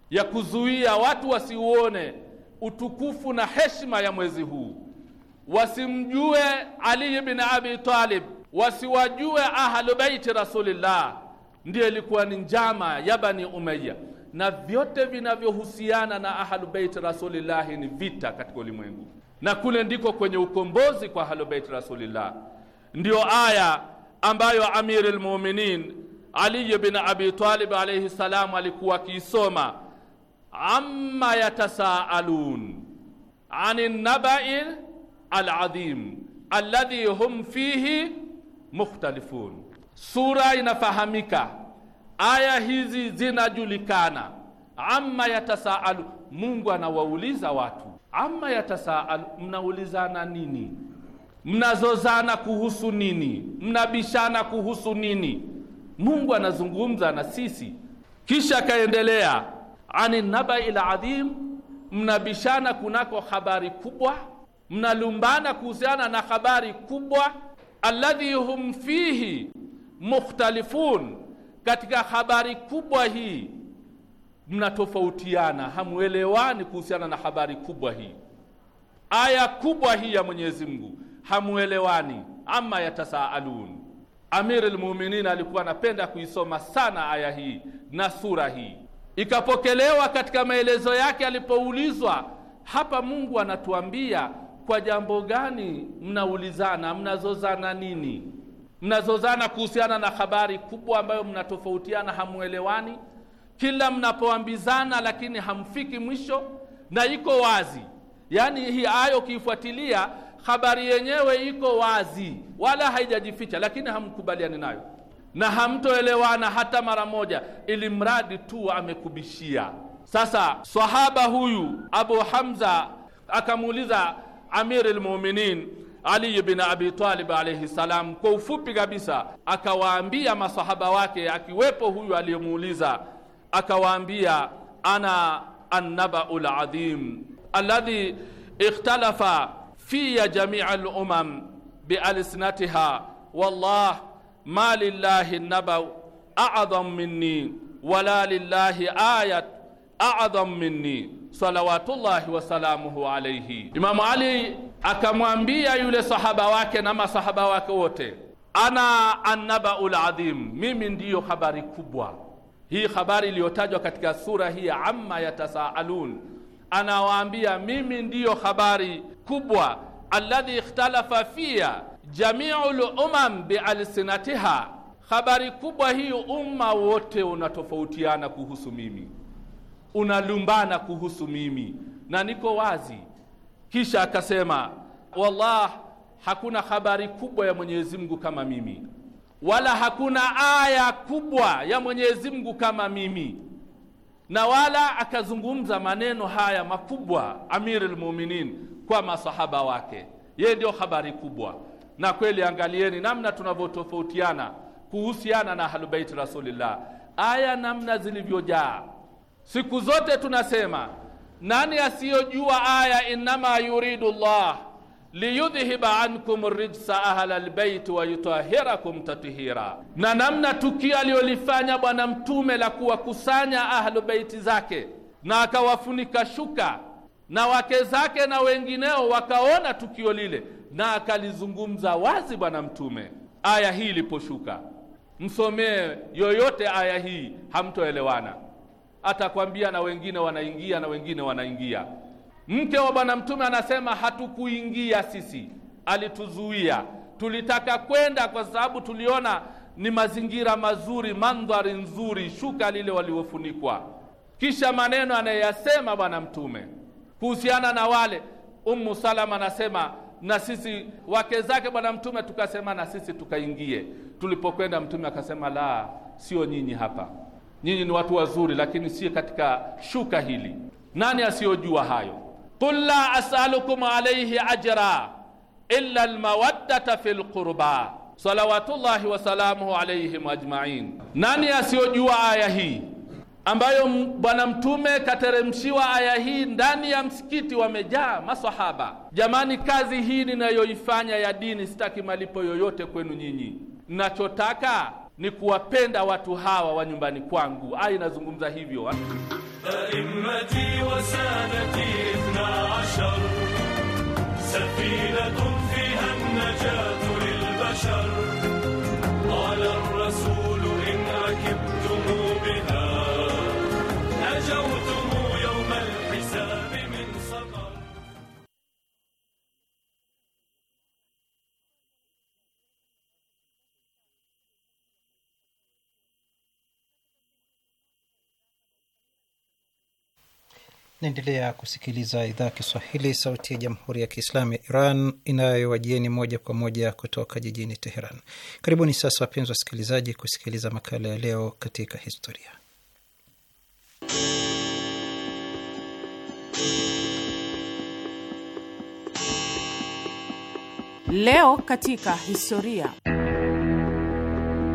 ya kuzuia watu wasiuone utukufu na heshima ya mwezi huu wasimjue Ali ibn Abi Talib, wasiwajue ahlu baiti Rasulillah. ndio ilikuwa ni njama ya Bani Umayya, na vyote vinavyohusiana na ahlu baiti Rasulillah ni vita katika ulimwengu, na kule ndiko kwenye ukombozi kwa ahlu baiti Rasulillah. Ndiyo aya ambayo Amirul lmuminin Ali ibn Abi Talib alayhi salam alikuwa akiisoma, amma yatasaalun anin nabail aladhim alladhi hum fihi mukhtalifun. Sura inafahamika, aya hizi zinajulikana. Amma yatasaalu, Mungu anawauliza watu. Amma yatasaalu, mnaulizana nini? Mnazozana kuhusu nini? Mnabishana kuhusu nini? Mungu anazungumza na sisi, kisha akaendelea ani nabai ladhim, mnabishana kunako habari kubwa mnalumbana kuhusiana na habari kubwa, alladhi hum fihi mukhtalifun, katika habari kubwa hii mnatofautiana, hamuelewani kuhusiana na habari kubwa hii, aya kubwa hii ya Mwenyezi Mungu hamuelewani. Ama yatasaalun, Amirul Mu'minin alikuwa anapenda kuisoma sana aya hii na sura hii, ikapokelewa katika maelezo yake alipoulizwa hapa. Mungu anatuambia kwa jambo gani mnaulizana? Mnazozana nini? Mnazozana kuhusiana na habari kubwa ambayo mnatofautiana, hamuelewani kila mnapoambizana, lakini hamfiki mwisho, na iko wazi. Yaani hii ayo ukiifuatilia, habari yenyewe iko wazi, wala haijajificha, lakini hamkubaliani nayo na hamtoelewana hata mara moja, ili mradi tu amekubishia. Sasa sahaba huyu Abu Hamza akamuuliza amiri lmuminin ali bin abi talib alaihi salam kwa ufupi kabisa akawaambia masahaba wake akiwepo huyu aliyemuuliza akawaambia ana annabau ladhim alladhi ikhtalafa fiya jamia lumam bialsinatiha wallah ma lillahi nabau acdam minni wala lillahi ayat acdam minni salawatullahi wasalamuhu alaihi. Imamu Ali akamwambia yule sahaba wake na masahaba wake wote, ana annabau ladhim mimi ndiyo habari kubwa hii. Habari iliyotajwa katika sura hii ya amma yatasaalun, anawaambia mimi ndiyo habari kubwa, alladhi ikhtalafa fiha jamiu lumam bialsinatiha, habari kubwa hii umma wote unatofautiana kuhusu mimi unalumbana kuhusu mimi na niko wazi. Kisha akasema wallah, hakuna habari kubwa ya Mwenyezi Mungu kama mimi, wala hakuna aya kubwa ya Mwenyezi Mungu kama mimi, na wala akazungumza maneno haya makubwa Amirul Mu'minin kwa masahaba wake, yeye ndio habari kubwa. Na kweli angalieni namna tunavyotofautiana kuhusiana na Ahlul Bait Rasulillah, aya namna zilivyojaa Siku zote tunasema nani asiyojua aya innama yuridu llah liyudhhiba ankum rijsa ahla albaiti wayutahirakum tathira, na namna tukio aliyolifanya Bwana Mtume la kuwakusanya ahlu beiti zake na akawafunika shuka na wake zake na wengineo wakaona tukio lile, na akalizungumza wazi Bwana Mtume aya hii iliposhuka. Msomee yoyote aya hii, hamtoelewana atakwambia na wengine wanaingia na wengine wanaingia. Mke wa Bwana Mtume anasema hatukuingia sisi, alituzuia. Tulitaka kwenda kwa sababu tuliona ni mazingira mazuri, mandhari nzuri, shuka lile waliofunikwa. Kisha maneno anayeyasema Bwana Mtume kuhusiana na wale Umu Salama anasema na sisi wake zake Bwana Mtume tukasema na sisi tukaingie. Tulipokwenda Mtume akasema la, sio nyinyi hapa nyinyi ni watu wazuri, lakini si katika shuka hili. Nani asiyojua hayo? Qul la asalukum alayhi ajra illa almawaddata fil qurba salawatullahi salamuhu alayhim ajmain. Nani asiyojua aya hii ambayo Bwana Mtume kateremshiwa aya hii ndani ya msikiti, wamejaa masahaba. Jamani, kazi hii ninayoifanya ya dini, sitaki malipo yoyote kwenu nyinyi, nachotaka ni kuwapenda watu hawa wa nyumbani kwangu. Aya inazungumza hivyo ah. Naendelea kusikiliza idhaa ya Kiswahili, sauti ya jamhuri ya kiislamu ya Iran inayowajieni moja kwa moja kutoka jijini Teheran. Karibuni sasa, wapenzi wasikilizaji, kusikiliza makala ya leo katika historia. Leo katika historia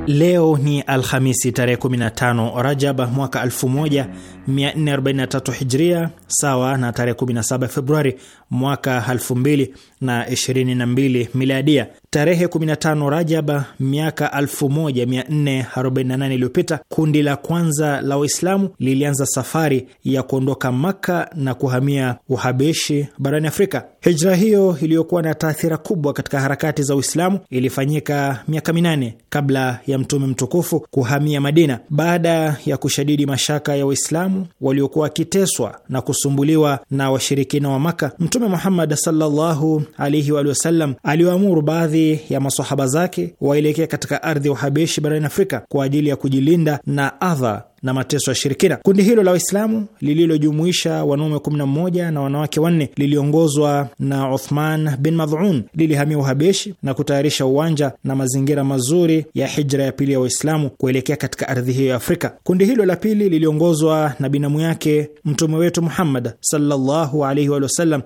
Leo ni Alhamisi tarehe 15 Rajab mwaka 1443 Hijria, sawa na tarehe 17 Februari mwaka 2022 miladia. Tarehe 15 Rajaba miaka 1448 iliyopita, kundi la kwanza la Waislamu lilianza safari ya kuondoka Makka na kuhamia Uhabeshi barani Afrika. Hijra hiyo iliyokuwa na taathira kubwa katika harakati za Uislamu ilifanyika miaka minane kabla ya Mtume mtukufu kuhamia Madina, baada ya kushadidi mashaka ya Waislamu waliokuwa wakiteswa na kusumbuliwa na washirikina wa Maka. Mtume Mtume Muhammad sallallahu alaihi wa sallam aliwaamuru baadhi ya masahaba zake waelekea katika ardhi ya Uhabeshi barani Afrika kwa ajili ya kujilinda na adha na mateso ya shirikina. Kundi hilo la Waislamu lililojumuisha wanaume 11 na wanawake wanne liliongozwa na Uthman bin Madhun lilihamia Uhabeshi na kutayarisha uwanja na mazingira mazuri ya hijra ya pili ya Waislamu kuelekea katika ardhi hiyo ya Afrika. Kundi hilo la pili liliongozwa na binamu yake mtume wetu Muhammad sallallahu alaihi wa sallam,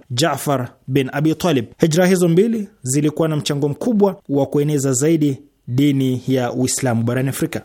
bin Abi Talib. Hijra hizo mbili zilikuwa na mchango mkubwa wa kueneza zaidi dini ya Uislamu barani Afrika.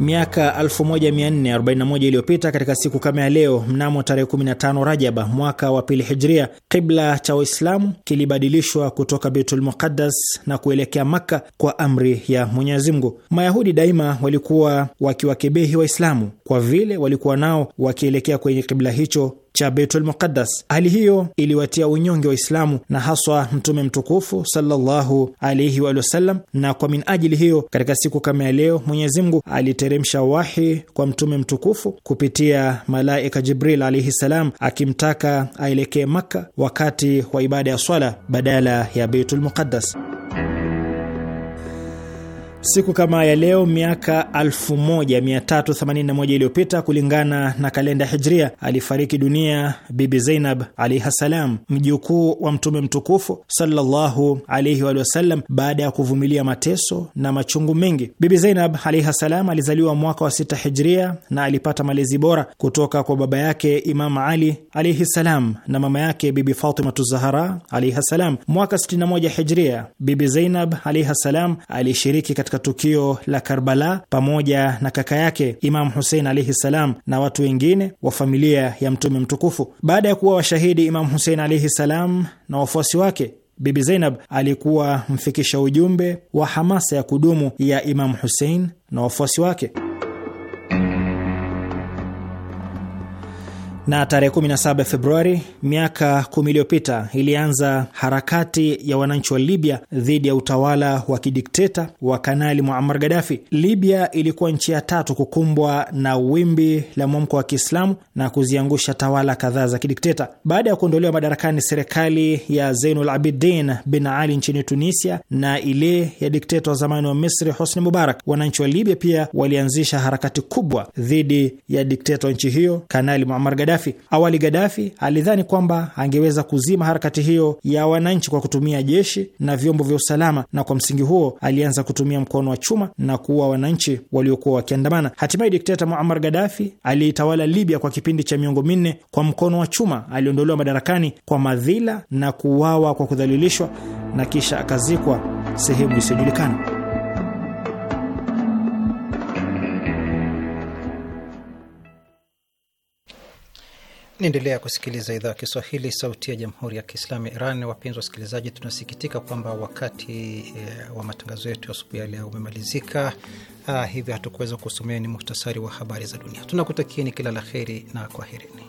Miaka 1441 iliyopita katika siku kama ya leo, mnamo tarehe 15 Rajaba mwaka wa pili Hijria, kibla cha Waislamu kilibadilishwa kutoka Beitul Muqaddas na kuelekea Makka kwa amri ya Mwenyezi Mungu. Mayahudi daima walikuwa wakiwakebehi Waislamu kwa vile walikuwa nao wakielekea kwenye kibla hicho cha Baitul Muqaddas. Hali hiyo iliwatia unyonge Waislamu na haswa Mtume mtukufu sallallahu alaihi wa sallam, na kwa min ajili hiyo katika siku kama ya leo Mwenyezi Mungu aliteremsha wahi kwa Mtume mtukufu kupitia malaika Jibril alaihi salam, akimtaka aelekee Makka wakati wa ibada ya swala badala ya Baitul Muqaddas. Siku kama ya leo miaka 1381 iliyopita kulingana na kalenda Hijria, alifariki dunia Bibi Zainab alaiha salam, mjukuu wa Mtume mtukufu sallallahu alaihi wa sallam, baada ya kuvumilia mateso na machungu mengi. Bibi Zainab alaiha salam alizaliwa mwaka wa sita Hijria na alipata malezi bora kutoka kwa baba yake Imam Ali alaihi salam na mama yake Bibi Fatimatu Zahara alaiha salam. Mwaka 61 Hijria, Bibi Zainab alaiha salam alishiriki katika tukio la Karbala pamoja na kaka yake imamu husein alaihi salam na watu wengine wa familia ya Mtume mtukufu. Baada ya kuwa washahidi imamu husein alaihi salam na wafuasi wake, Bibi Zainab alikuwa mfikisha ujumbe wa hamasa ya kudumu ya imamu husein na wafuasi wake. na tarehe 17 Februari miaka kumi iliyopita ilianza harakati ya wananchi wa Libya dhidi ya utawala wa kidikteta wa Kanali Muammar Gaddafi. Libya ilikuwa nchi ya tatu kukumbwa na wimbi la mwamko wa Kiislamu na kuziangusha tawala kadhaa za kidikteta. Baada ya kuondolewa madarakani serikali ya Zeinul Abidin bin Ali nchini Tunisia na ile ya dikteta wa zamani wa Misri Hosni Mubarak, wananchi wa Libya pia walianzisha harakati kubwa dhidi ya dikteta wa nchi hiyo Kanali Muammar Gaddafi. Gaddafi. Awali Gaddafi alidhani kwamba angeweza kuzima harakati hiyo ya wananchi kwa kutumia jeshi na vyombo vya usalama, na kwa msingi huo alianza kutumia mkono wa chuma na kuua wananchi waliokuwa wakiandamana. Hatimaye dikteta Muammar Gaddafi aliitawala Libya kwa kipindi cha miongo minne kwa mkono wa chuma. Aliondolewa madarakani kwa madhila na kuuawa kwa kudhalilishwa na kisha akazikwa sehemu isiyojulikana. Naendelea kusikiliza idhaa ya Kiswahili, sauti ya jamhuri ya kiislamu ya Iran. Wapenzi wasikilizaji, tunasikitika kwamba wakati e, wa matangazo yetu asubuhi ya leo umemalizika, ah, hivyo hatukuweza kusomea ni muhtasari wa habari za dunia. Tunakutakieni kila la heri na kwaherini.